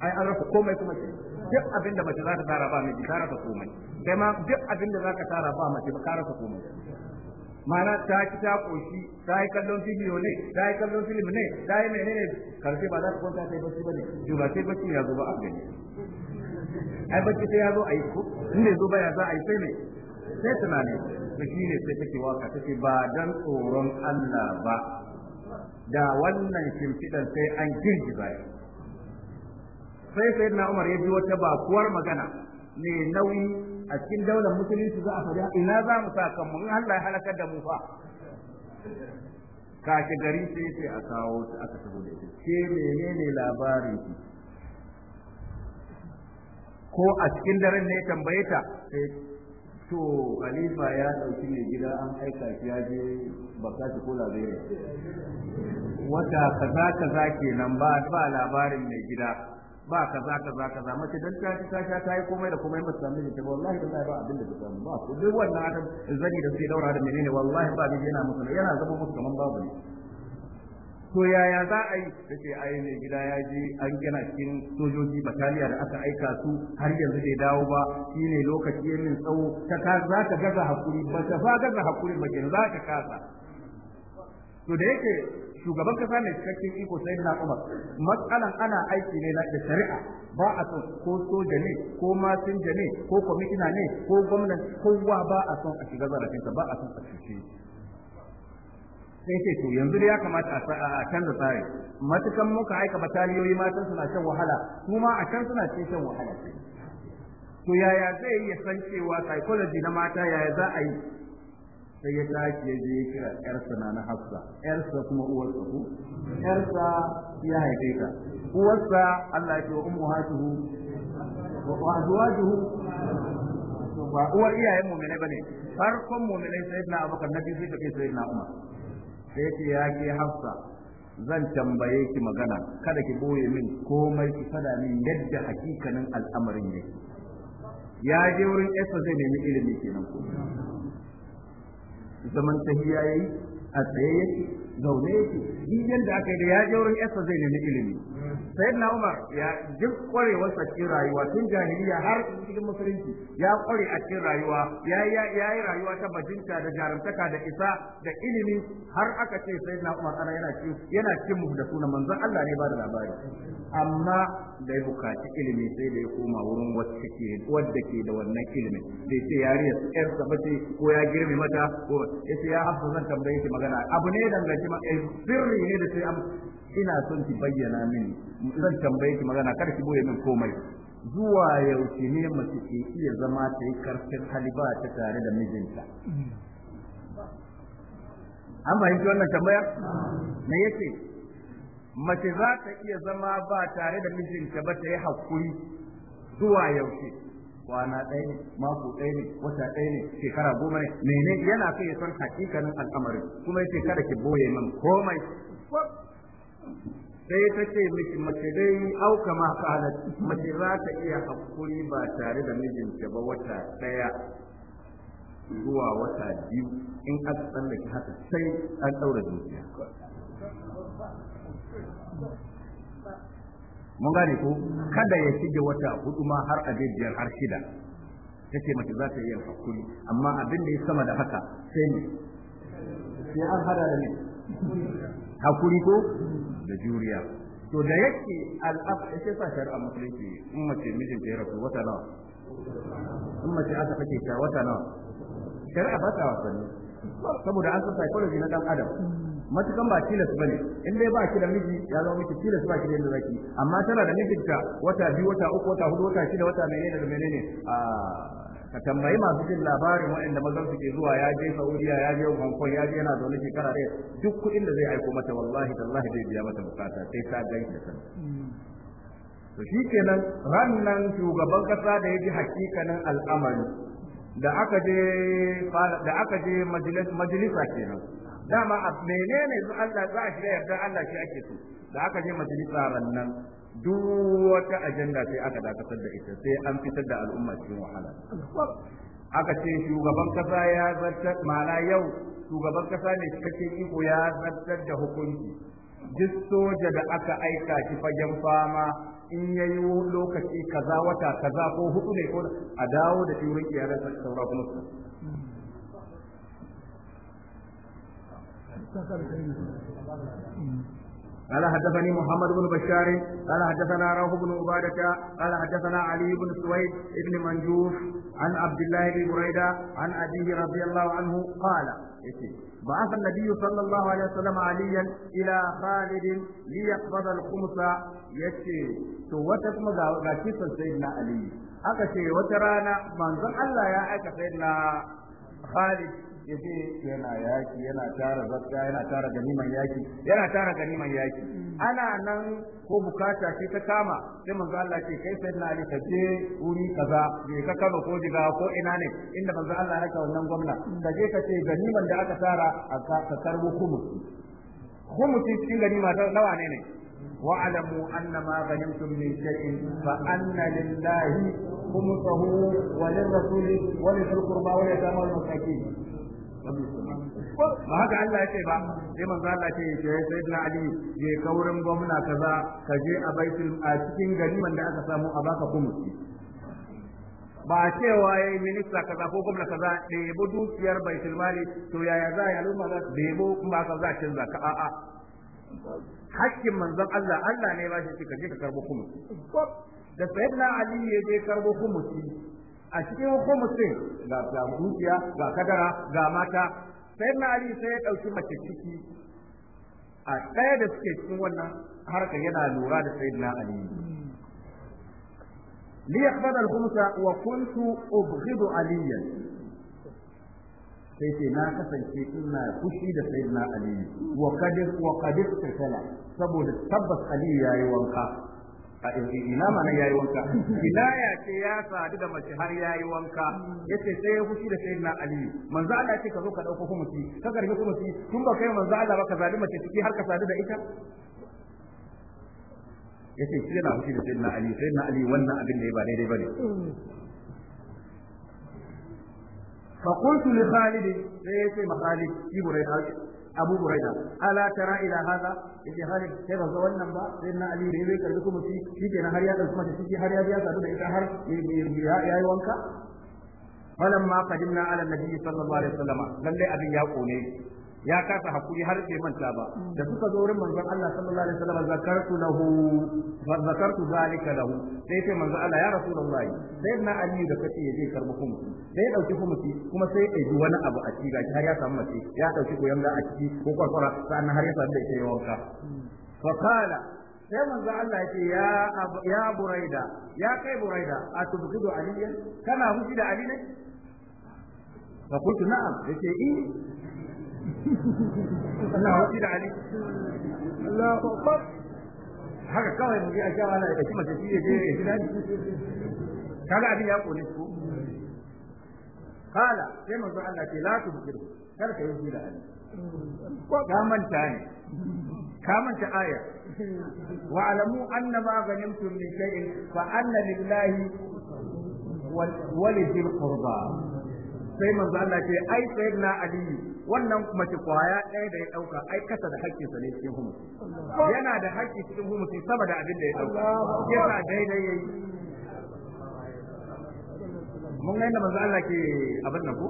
ai an rasa komai kuma ke duk abin da mace za ta tara ba miji ka ta komai sai ma duk abin da za ka tara ba mace ba ka rasa komai mana ta ki ta koshi ta yi kallon video ne ta yi kallon film ne ta yi menene karfe ba za ta kwanta ta yi bacci ba ne to ba sai bacci ya zo ba a gani ai bacci sai ya zo a yi ko in da zo baya za a yi sai mai sai tunani to shi ne sai take waka take ba dan tsoron Allah ba da wannan kimfidan sai an girgi ba. sai sai na Umar ya bi wata bakuwar magana ne nauyi a cikin daular musulunci za a faɗi ina za mu sa kanmu in Allah ya halakar da mu fa kashi gari sai sai a kawo ta aka taho da ke menene labarin ko a cikin daren ne ya tambaye ta eh, to khalifa ya dauki mai gida an aika shi ya je kula ko labere wata kaza kaza kenan ba ba labarin mai gida ba kaza kaza kaza mace dan ta ta ta ta yi komai da komai ba sami ne ta wallahi dan ba abin da ta samu ba ko duk wannan adam zani da sai daura da menene wallahi ba yana musu yana zama musu kaman babu ne to yaya za a yi ta ce ai mai gida ya je an gina cikin sojoji bataliya da aka aika su har yanzu bai dawo ba shi ne lokaci ya min tsawo ta ka za ka gaza hakuri ba ta fa gaza hakuri ba kenan za ka kasa to da yake shugaban kasa mai cikakken iko sai na Umar matsalan ana aiki ne na shari'a ba a son ko soja ne ko masinja ne ko kwamitina ne ko gwamnati kowa ba a son a shiga zarafinsa ba a son a cuce sai ce to yanzu da ya kamata a canza tsari matukan muka aika bataliyoyi matan suna shan wahala su ma a can suna ce shan wahala to yaya zai iya san cewa psychology na mata yaya za a yi sai ya tashi ya je kira yarsa na na hafsa yarsa kuma uwarsa ku yarsa ya haife ta uwarsa Allah ya ce wa ummuhatuhu wa azwajuhu ba uwar iyayen mu'minai bane farkon mu'minai na abubakar nabi sai ka sai na umar sai ce ya ke hafsa zan tambaye ki magana kada ki boye min komai ki fada min yadda hakikanin al'amarin yake ya je wurin esa zai nemi ilimi kenan ko zaman tahiya yayi a tsaye yake zaune yake yi yadda aka yi da ya je wurin esa zai nemi ilimi sayyidina Umar ya duk kwarewar wasa cikin rayuwa tun jahiliya har cikin musulunci ya kware a cikin rayuwa ya yi rayuwa ta bajinta da jarumtaka da isa da ilimi har aka ce sayyidina Umar ana yana cikin yana cikin sunan manzon Allah ne ba da labari amma da ya bukaci ilimi sai da ya koma wurin wacce ke wadda ke da wannan ilimi sai ce yariyar yar mace ko ya girme mata ko sai ya hafu zan tambaye shi magana abu ne dangantaka ma eh, sirri ne da sai ina son ki bayyana mini zan tambaye ki magana kar ki boye min komai zuwa yaushe ne mace ke iya zama ta yi karfin haliba ta tare da mijinta an fahimci wannan tambaya me yake mace za ta iya zama ba tare da mijinta ba ta yi hakuri zuwa yaushe kwana ɗaya ne mako ɗaya ne wata ɗaya ne shekara goma ne mene yana kai ya san hakikanin al'amarin kuma yake kada ki boye min komai sai ta ce miki mace dai auka ma fahalat mace za ta iya hakuri ba tare da mijinta ba wata daya zuwa wata biyu in aka tsallake haka sai an daura dukiya mun gane ko kada ya shige wata hudu ma har a biyar har shida take mace za ta iya hakuri amma abin da ya sama da haka sai ne sai an hada da ne hakuri ko da juriya to da yake al'ab sai sa shari'a musulunci in mace mijin ta rasu wata nawa in mace aka kake ta wata nawa shari'a ba ta wasanni saboda an san psychology na dan adam matukan ba tilas bane in dai ba ki da miji ya zama miki tilas ba ki da yadda zaki amma tana da mijinta wata biyu wata uku wata hudu wata shida wata menene da menene a ah, ka tambayi masu jin labarin waɗanda mazan suke zuwa ya je Saudiya ya je Hong Kong ya je yana zaune shekara ɗaya duk kuɗin da zai aiko mata wallahi tallahi zai biya mata bukata sai ta da ta to kenan rannan shugaban kasa da ya ji hakikanin al'amari da aka je da aka je majalisa kenan dama menene Allah za a shirya yarda Allah shi ake so da aka je majalisa rannan duk wata ajanda sai aka dakatar da ita sai an fitar da al'umma cikin wahala aka ce shugaban kasa ya zartar ma'ana yau shugaban kasa ne cikakken iko ya zartar da hukunci duk soja da aka aika shi fagen fama in ya yi lokaci kaza wata kaza ko hudu ne ko a dawo da shi wurin iyalan saura kuma su Thank you. قال حدثني محمد بن بشار قال حدثنا روح بن عبادة قال حدثنا علي بن سويد بن منجوف عن عبد الله بن بريدة عن أبيه رضي الله عنه قال بعث النبي صلى الله عليه وسلم عليا إلى خالد ليقبض الخمس يشي توتت مغاكسا سيدنا علي أكشي وترانا منظر الله يا أكا سيدنا خالد ya je yana yaki yana tara zakka yana tara ganiman yaki yana tara ganiman yaki ana nan ko bukata ce ta kama sai manzo Allah ce kai sai na ali kaje wuri kaza je ka kama ko diga ko ina ne inda manzo Allah ya ka wannan gwamna da je ka ce ganiman da aka tara a ka karbo kumus kumus cikin ganima ta nawa ne ne واعلموا ان ما غنمتم من شيء فان لله خمسه وللرسول ولذي القربى واليتامى والمساكين ba haka Allah ya ce ba sai manzo Allah ce ya ce sayyidina Ali je kaurin gwamna kaza ka je a baitul a cikin gariman da aka samu a baka kumusi ba cewa yayi minista kaza ko gwamna kaza da yabo dukiyar baitul mali to yaya za ya luma da yabo kuma ka za cin zaka a a hakkin manzon Allah Allah ne ba shi ka je ka karbo kumusi da sayyidina Ali ya je karbo kumusi a cikin kumusin ga dukiya ga kadara ga mata na ali sai ya dauki mace ciki a ɗaya da suke cikin wannan harka yana lura da sayyidina ali li fadar al-khumsa wa kuntu ubghidu aliyan sai ce na kasance ina fushi da sayyidina ali wa qadir wa qadir saboda tabbas ali yayi wanka ina ma nan yayi wanka ina ya ce ya sadu da mace har yayi wanka yace sai ya huci da sayyidina ali manzo Allah ce ka zo ka dauko kuma ci ka garbi kuma ci tun ba kai manzo Allah ba ka zabi mace ciki har ka sadu da ita yace shi yana huci da sayyidina ali sayyidina ali wannan abin da ya ba daidai bane sai لخالد ma مخالد ibrahim abu buraida ala tara ila hada yace har sai ba wannan ba sai na ali bai karbi kuma shi shikenan har ya dauki ciki shi har ya biya da ita har yi wanka falamma qadimna ala nabi sallallahu alaihi wasallam lalle abin ya kone ya kasa hakuri har sai manta ba da suka zo wurin manzon Allah sallallahu alaihi wasallam zakartu lahu fa zakartu zalika lahu sai sai manzon Allah ya rasulullahi sai na ali da kace yaje karbu kuma sai dauki kuma kuma sai ya ji wani abu a ciki gashi har ya samu mace ya dauki koyan da a ciki ko kwarkwara sannan har ya samu da ke wanka fa qala sai manzon Allah yake ya ya buraida ya kai buraida a tubkidu aliyan kana huji da ali ne fa kuntu na'am yace eh Allah wa da Ali Allah babbar haka kawai mu a sha wala da kuma tafiye je ya ji dadi kaga abin ya kone kala sai Allah ke la tubkiru kar ka yi da Ali ka manta ne ka manta aya wa alamu anna ma ghanimtum min shay'in fa anna lillahi wa qurba sai manzo Allah ce ai sayyidina ali wannan mace kwaya ɗaya da ya dauka ai kasa da hakki sa ne cikin humusi yana da hakki cikin humusi sama da abin da ya dauka yana daidai yayi mun ga inda manzo Allah ke abin nan ko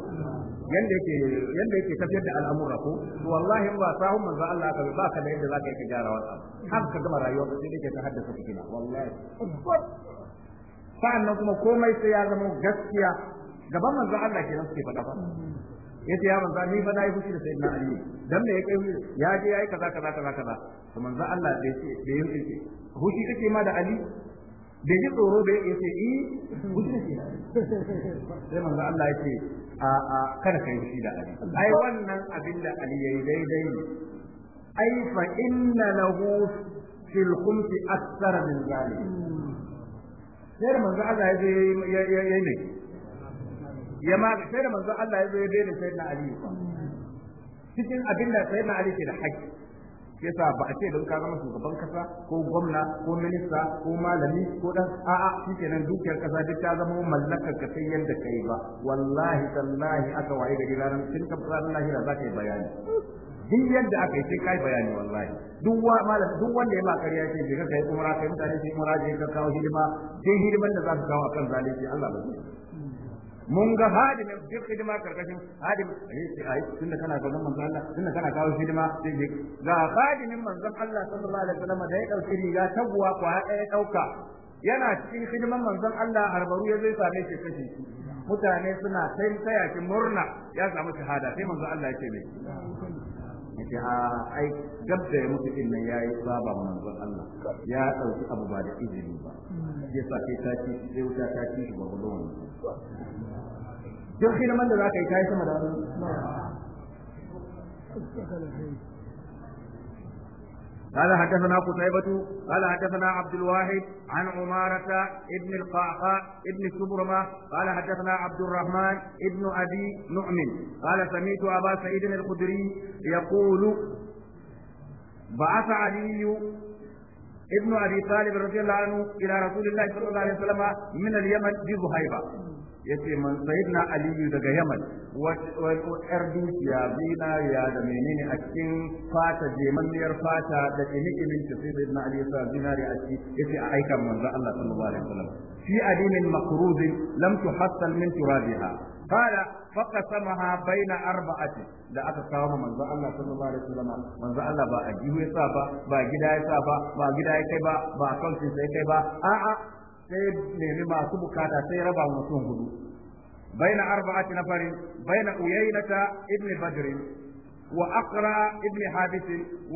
yanda yake yanda yake tafiyar da al'amura ko wallahi ba hu manzo Allah ka ba ka da yadda zaka yi gyara wannan har ka gama rayuwa ka sai kake ta haddasa fitina wallahi sa'annan kuma komai sai ya zama gaskiya gaban manzo Allah kenan suke faɗa ba yace ya manzo ni fa yi fushi da sayyidina ali dan me ya kai ya je yayi kaza kaza kaza kaza to manzo Allah bai ce bai yi fushi fushi kake ma da ali bai ji tsoro bai yace i eh, fushi ne sai manzo Allah yace a a kada kai fushi da ali ai wannan abin da ali yayi daidai ne ai fa inna lahu fil khumsi akthar min zalim sai manzo Allah ya yayi ne ya ma sai da manzon Allah ya zo ya daina sayyidina Ali cikin abin da sayyidina Ali ke da haƙƙi yasa ba a ce don ka zama shugaban kasa ko gwamna ko minista ko malami ko dan a'a shikenan dukiyar kasa duk ta zama mallakar ka sai yadda kai ba wallahi tallahi aka waye gari ranar tun ka fara lahira za ka yi bayani duk yadda aka yi sai kai bayani wallahi duk wa malam duk wanda ya ba ya ce je ka yi umra kai mutane sai umra je ka kawo hidima duk hidiman da za ka kawo akan zalunci Allah ba zai mun ga hadimin duk hidima karkashin hadim sai ai tunda kana ga manzon Allah tunda kana kawo hidima sai ne ga hadimin manzan Allah sallallahu alaihi wasallam da ya dauki riga tabuwa ko ya ɗauka. yana cikin hidiman manzan Allah harbaru ya zai same shi kashi mutane suna sai taya shi murna ya samu shahada sai manzan Allah ya ce mai yace a ai gab ya mutu din nan yayi baban manzon Allah ya dauki abu ba da izini ba yasa sai ta ci sai wuta ta ci shi ba wannan duk da za ka yi sama da wani قال حدثنا قتيبة قال حدثنا عبد الواحد عن عمارة ابن القعقاع ابن سبرمة قال حدثنا عبد الرحمن ابن أبي نعم قال سمعت أبا سعيد الخدري يقول بعث علي ابن أبي طالب رضي الله عنه إلى رسول الله صلى الله عليه وسلم من اليمن بزهيبة yace man sayyidina aliyu daga yaman yar dukiya zinariya da menene a cikin fata jemanniyar fata da ilimin ta sai sayyidina aliyu sa zinariya a ciki yace a aika manzo Allah sallallahu alaihi wasallam fi adinin makruz lam tuhassal min turabiha qala faqasamaha baina arba'ati da aka kawo manzo Allah sallallahu alaihi wasallam manzo Allah ba a jihu ya sa ba ba gida ya sa ba ba gida ya kai ba ba kansa sai kai ba a'a sai nemi masu bukata sai raba mutum hudu baina arba'ati nafari baina uyaynata ibn badr wa aqra ibn habis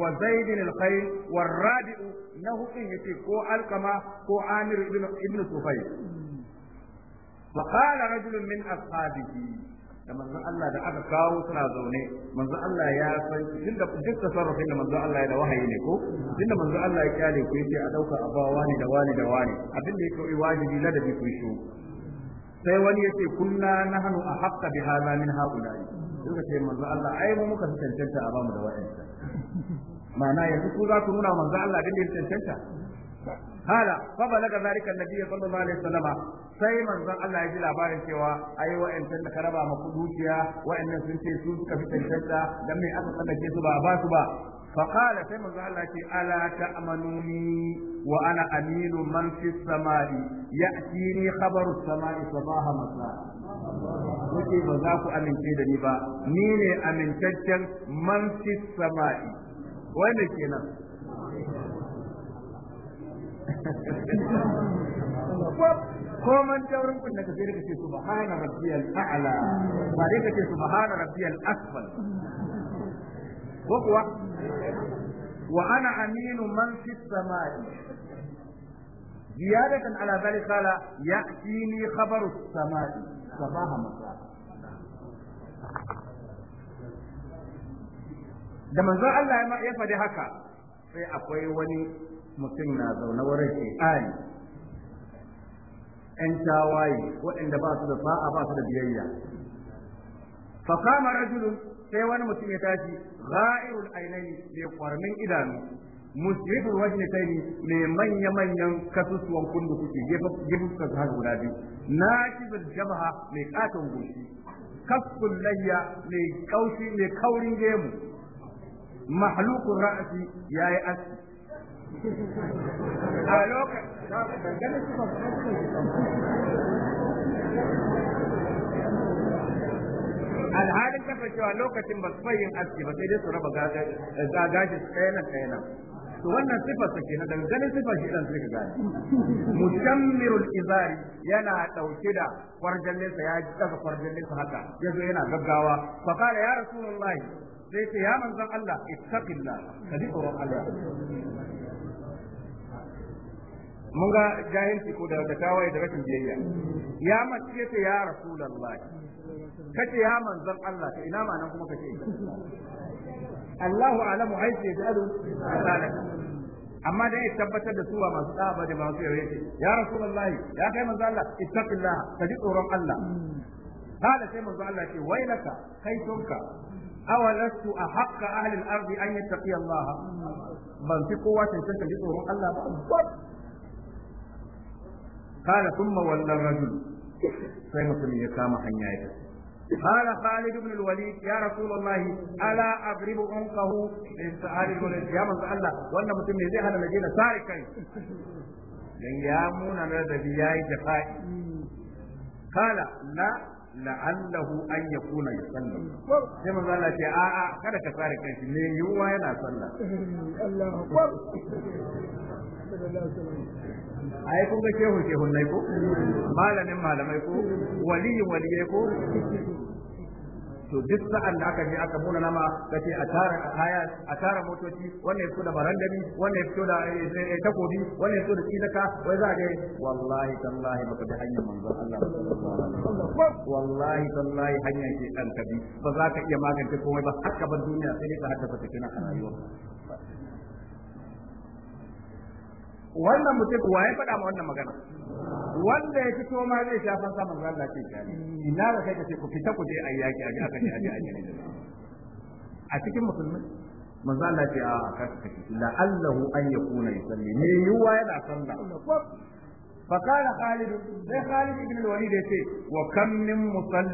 wa zaid al-khayl wa rabi'u nahu fi ko alqama ko amir ibn ibn sufay فقال رجل min أصحابه da manzon Allah da aka kawo suna zaune manzon Allah ya san duk da duk tasarrufin da manzon Allah ya da wahayi ne ko duk da manzon Allah ya kyale ku yace a dauka a bawa ne da wani da wani abin da yake kai wajibi ladabi ku shi sai wani yace kunna nahnu ahqqa bi hadha min haula'i duka ce manzon Allah ai mu muka fi cancanta a bamu da wa'ansa ma'ana yanzu ku za ku nuna manzon Allah din da cancanta قال فبلغ ذلك النبي صلى الله عليه وسلم sai manzon Allah ya ji labarin cewa ai wa'ancan da karaba ma kuduciya wa'annan sun ce su suka fi tantanta dan me aka tsallake su ba ba su ba fa qala sai manzon Allah ce ala ta'manuni wa ana aminu man fi samai ya'tini khabaru samai sabaha masa yake ba za ku amince da ni ba ni ne amintaccen man fi samai wanda kenan koman taurin kun daga sai kace subhana rabbiyal a'la ba dai kace subhana rabbiyal asfal ko kuwa wa ana aminu man fi samai ziyadatan ala zalika la ya'tini khabaru samai sabaha masa da manzon Allah ya faɗi haka sai akwai wani mutum na zaune wurin shi'ani ‘yan tawaye waɗanda ba su da fa'a ba su da biyayya. Fakamar rajulun sai wani mutum ya tashi ra'irul ainihi mai kwarmin idanu, musrifin wajen ya ne mai manya-manyan kasusuwan kundu kuke gefuskar har guda biyu, na kibir jabaha mai katon goshi, kaskun layya mai kaushi mai kaurin gemu, mahalukun ra'asi ya yi aski. a alhalin kafa cewa lokacin ba su fayin aski ba sai dai su raba gagashi eh, ɗaya nan to wannan sifar sa ke na dangane sifar shi su ke gani. gane izari yana ɗauke da kwarjallinsa ya ji kwarjalle kwarjallinsa haka zo yana gaggawa fa qala ya rasulullahi sai ce ya manzon Allah ittaqillah ka ji tsoron Allah mun ga jahilci ko da da kawai da rashin biyayya ya mace yace ya rasulullahi kace ya manzon Allah ta, ina ma nan kuma kace Allahu alamu haifi ya jaru amma dai ya tabbatar da su ba masu tsaba da masu yare ce ya rasulullahi ya kai manzo Allah ittaqillah ka ji tsoron Allah kada sai manzo Allah ce wailaka kai tonka awalastu ahqqa ahli al-ardi an yattaqi Allah ban fi kowa tantance ji tsoron Allah ba قال ثم ولى الرجل sai mutumin ya kama hanya ya tafi قال خالد بن الوليد يا رسول الله الا اضرب عنقه لسعاد يا الله وانا متم زي هذا الذي ساري كاي dan ya muna radabi yayi jafai kala la la'allahu an yakuna yusalli sai manzo Allah ce a a kada ka sare kai ne yuwa yana ai kun ga shehu shehu nai ko malamin malamai ko waliyin waliyai ko to duk sa'an da aka je aka muna nama kace a tara kaya a tara motoci wannan ya da barandami wannan ya da da eh, eh, eh, takobi wannan ya da tsidaka wai za ga wallahi tallahi baka da hanya manzo Allah wallahi tallahi hanya ce dan kabi ba za ka iya magance komai ba haka ban duniya sai ka haddasa ta cikin rayuwa wannan mutum wa ya faɗa ma wannan magana wanda ya fito ma zai sha fansa manzo Allah ce shi ina da kai ce ku fita ku je ayi yaki aje aka ne aje aje ne a cikin musulmi manzo Allah ce a kar ka ce la allahu an yakuna yusalli ne yuwa yana sallah فقال خالد زي خالد بن الوليد يتي وكم من مصل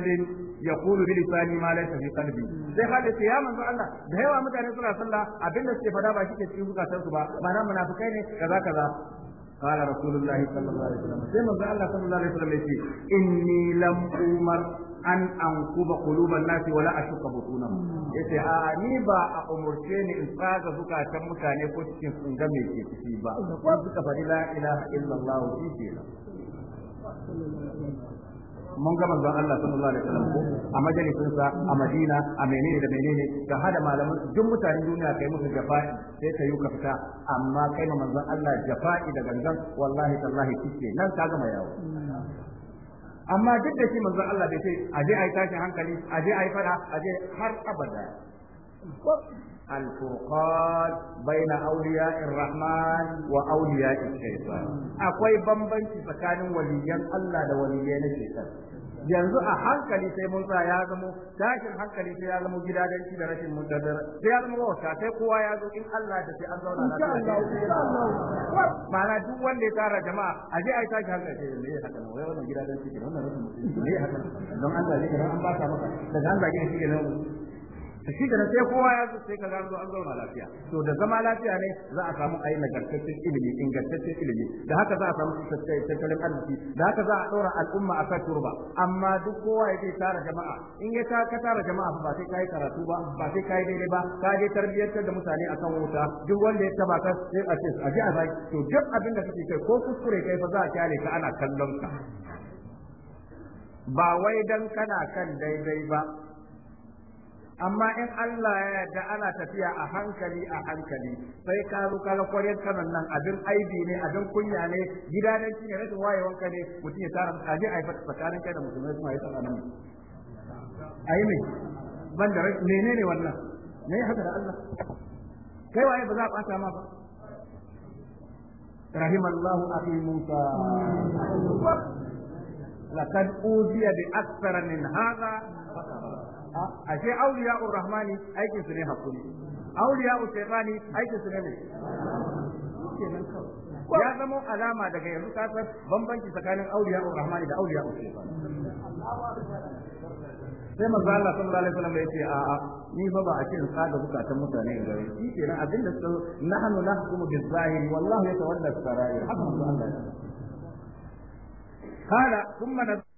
يقول بلساني ما ليس في قلبي زي خالد يا من الله ده yawa mutane suna sallah abin da suke fada ba shi ke cikin zukatansu ba ma'ana munafikai ne kaza kaza قال رسول الله صلى الله عليه وسلم كما الله صلى الله عليه وسلم يقول إني لم أمر an ankuba quluban nasi wala ashuka butunahum yace a ni ba a umurce ni in tsaga zukatan mutane ko cikin sun ga me ke ba ko suka faɗi la ilaha mun ga manzon Allah sallallahu alaihi wasallam ko a majalisin sa a Madina a menene da menene da hada malaman duk mutanen duniya kai musu jafa'i sai ka yi ka fita amma kai ma manzon Allah jafa'i da gangan wallahi tallahi kike nan ka gama yawo amma duk da shi manzon Allah bai ce aje ai tashin hankali aje ai fara aje har abada الفرقان بين أولياء الرحمن وأولياء الشيطان أقوي بمبنش سكان وليان الله وليان الشيطان yanzu a hankali sai mun sa ya zamo tashin hankali sai ya zamo gidadanci da mutadar sai ya zama wata sai kowa ya zo in Allah da sai an zauna lafiya ma'ana duk wanda ya tara jama'a a je ai tashi hankali sai me ya haka ne wai wannan gidajen ne wannan ne haka don Allah ne an ba ka maka daga an zage shi ne to shi da sai kowa ya sai ka gano an zauna lafiya to da zama lafiya ne za a samu ayi nagartaccen ilimi ingantaccen ilimi da haka za a samu tattalin arziki da haka za a ɗora al'umma a kan turba amma duk kowa ya je tara jama'a in ya ka tara jama'a ba sai kai karatu ba ba sai kai daidai ba ka je tarbiyyantar da mutane akan wuta duk wanda ya taba ka sai a ce a ji a to duk abin da kake kai ko kuskure kai fa za a kyale ka ana kallon ka ba wai dan kana kan daidai ba amma in Allah ya yarda ana tafiya a hankali a hankali sai ka zo ka kwarin kanan nan abin aibi ne abin kunya ne gida ne ne rashin wayewar ka ne mutum ya tara kaje a fata tsakanin kai da musulmai kuma ya tsakanin mu ayi ne ban da menene wannan ne haka da Allah kai waye ba za a bata ma ba رحم الله أخي موسى لقد أوذي بأكثر من هذا ashe auliya urrahmani aikin su ne hakuri auliya usaitani aikin su ne ne ya zama alama daga yanzu ta san bambanci tsakanin auliya urrahmani da auliya usaitani sai manzo Allah sallallahu alaihi wasallam yace a a ni fa ba a ce in tsaga bukatan mutane in gare shi kenan abin da nahnu nahkumu bil wallahi wallahu yatawalla sarair haka manzo Allah قال ثم نزل